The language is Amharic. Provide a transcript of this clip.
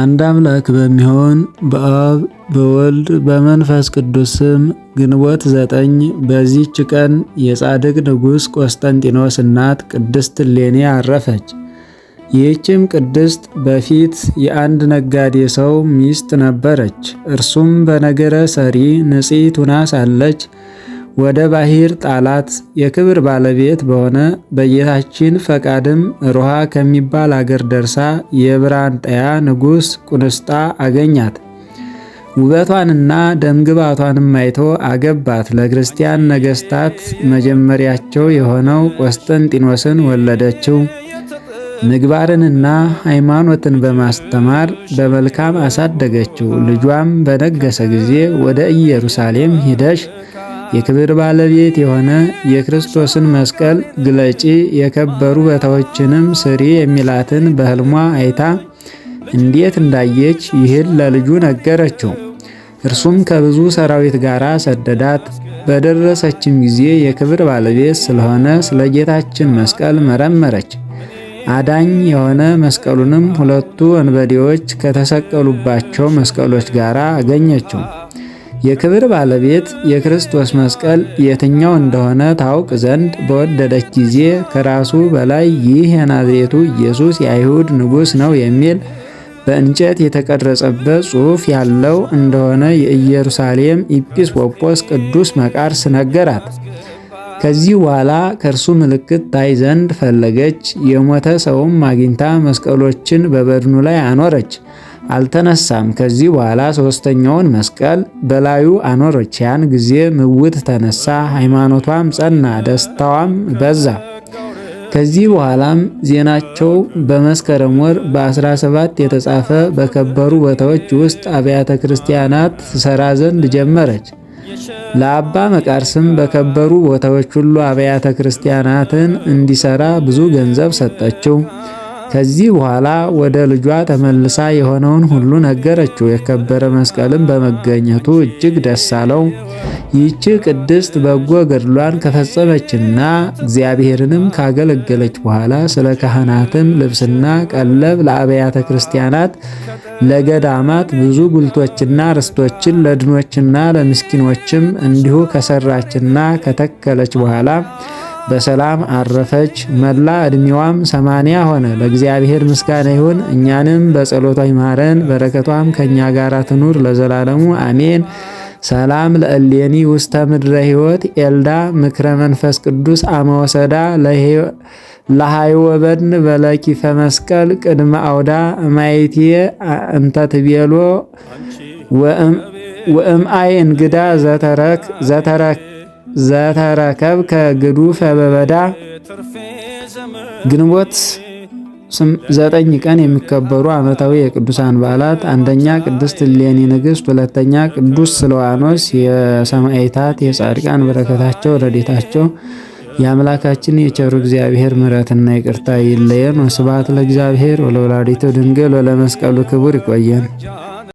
አንድ አምላክ በሚሆን በአብ በወልድ በመንፈስ ቅዱስ ስም ግንቦት ዘጠኝ በዚህች ቀን የጻድቅ ንጉሥ ቆስጠንጢኖስ እናት ቅድስት ሌኒ አረፈች። ይህችም ቅድስት በፊት የአንድ ነጋዴ ሰው ሚስት ነበረች። እርሱም በነገረ ሰሪ ንጽሕት ሆና ሳለች ወደ ባሕር ጣላት። የክብር ባለቤት በሆነ በጌታችን ፈቃድም ሮሃ ከሚባል አገር ደርሳ የብራንጠያ ንጉሥ ቁንስጣ አገኛት። ውበቷንና ደምግባቷንም አይቶ አገባት። ለክርስቲያን ነገሥታት መጀመሪያቸው የሆነው ቆስጠንጢኖስን ወለደችው። ምግባርንና ሃይማኖትን በማስተማር በመልካም አሳደገችው። ልጇም በነገሰ ጊዜ ወደ ኢየሩሳሌም ሂደሽ የክብር ባለቤት የሆነ የክርስቶስን መስቀል ግለጪ፣ የከበሩ በታዎችንም ስሪ የሚላትን በህልሟ አይታ እንዴት እንዳየች ይህን ለልጁ ነገረችው። እርሱም ከብዙ ሰራዊት ጋር ሰደዳት። በደረሰችም ጊዜ የክብር ባለቤት ስለሆነ ስለ ጌታችን መስቀል መረመረች። አዳኝ የሆነ መስቀሉንም ሁለቱ ወንበዴዎች ከተሰቀሉባቸው መስቀሎች ጋር አገኘችው። የክብር ባለቤት የክርስቶስ መስቀል የትኛው እንደሆነ ታውቅ ዘንድ በወደደች ጊዜ ከራሱ በላይ ይህ የናዝሬቱ ኢየሱስ የአይሁድ ንጉሥ ነው የሚል በእንጨት የተቀረጸበት ጽሑፍ ያለው እንደሆነ የኢየሩሳሌም ኢጲስቆጶስ ቅዱስ መቃርስ ነገራት። ከዚህ በኋላ ከእርሱ ምልክት ታይ ዘንድ ፈለገች። የሞተ ሰውም አግኝታ መስቀሎችን በበድኑ ላይ አኖረች። አልተነሳም። ከዚህ በኋላ ሶስተኛውን መስቀል በላዩ አኖረች። ያን ጊዜ ምውት ተነሳ፣ ሃይማኖቷም ጸና፣ ደስታዋም በዛ። ከዚህ በኋላም ዜናቸው በመስከረም ወር በ17 የተጻፈ በከበሩ ቦታዎች ውስጥ አብያተ ክርስቲያናት ትሰራ ዘንድ ጀመረች። ለአባ መቃርስም በከበሩ ቦታዎች ሁሉ አብያተ ክርስቲያናትን እንዲሰራ ብዙ ገንዘብ ሰጠችው። ከዚህ በኋላ ወደ ልጇ ተመልሳ የሆነውን ሁሉ ነገረችው። የከበረ መስቀልም በመገኘቱ እጅግ ደስ አለው። ይህች ቅድስት በጎ ገድሏን ከፈጸመችና እግዚአብሔርንም ካገለገለች በኋላ ስለ ካህናትም ልብስና ቀለብ ለአብያተ ክርስቲያናት ለገዳማት ብዙ ጉልቶችና ርስቶችን ለድኖችና ለምስኪኖችም እንዲሁ ከሰራችና ከተከለች በኋላ በሰላም አረፈች። መላ ዕድሜዋም ሰማንያ ሆነ። ለእግዚአብሔር ምስጋና ይሁን፣ እኛንም በጸሎቷ ይማረን፣ በረከቷም ከእኛ ጋር ትኑር ለዘላለሙ አሜን። ሰላም ለእሌኒ ውስተ ምድረ ሕይወት ኤልዳ ምክረ መንፈስ ቅዱስ አመወሰዳ ለሃይወበድን በለኪፈ መስቀል ቅድመ አውዳ ማይትየ እንተትቤሎ ወእምአይ እንግዳ ዘተረክ ዘተረከብ ከግዱፍ በበዳ ግንቦት ዘጠኝ ቀን የሚከበሩ ዓመታዊ የቅዱሳን በዓላት፣ አንደኛ ቅድስት እሌኒ ንግሥት፣ ሁለተኛ ቅዱስ ስለዋኖስ የሰማዕታት የጻድቃን በረከታቸው ረድኤታቸው የአምላካችን የቸሩ እግዚአብሔር ምሕረትና ይቅርታ ይለየን። ወስብሐት ለእግዚአብሔር ወለወላዲቱ ድንግል ወለመስቀሉ ክቡር። ይቆየን።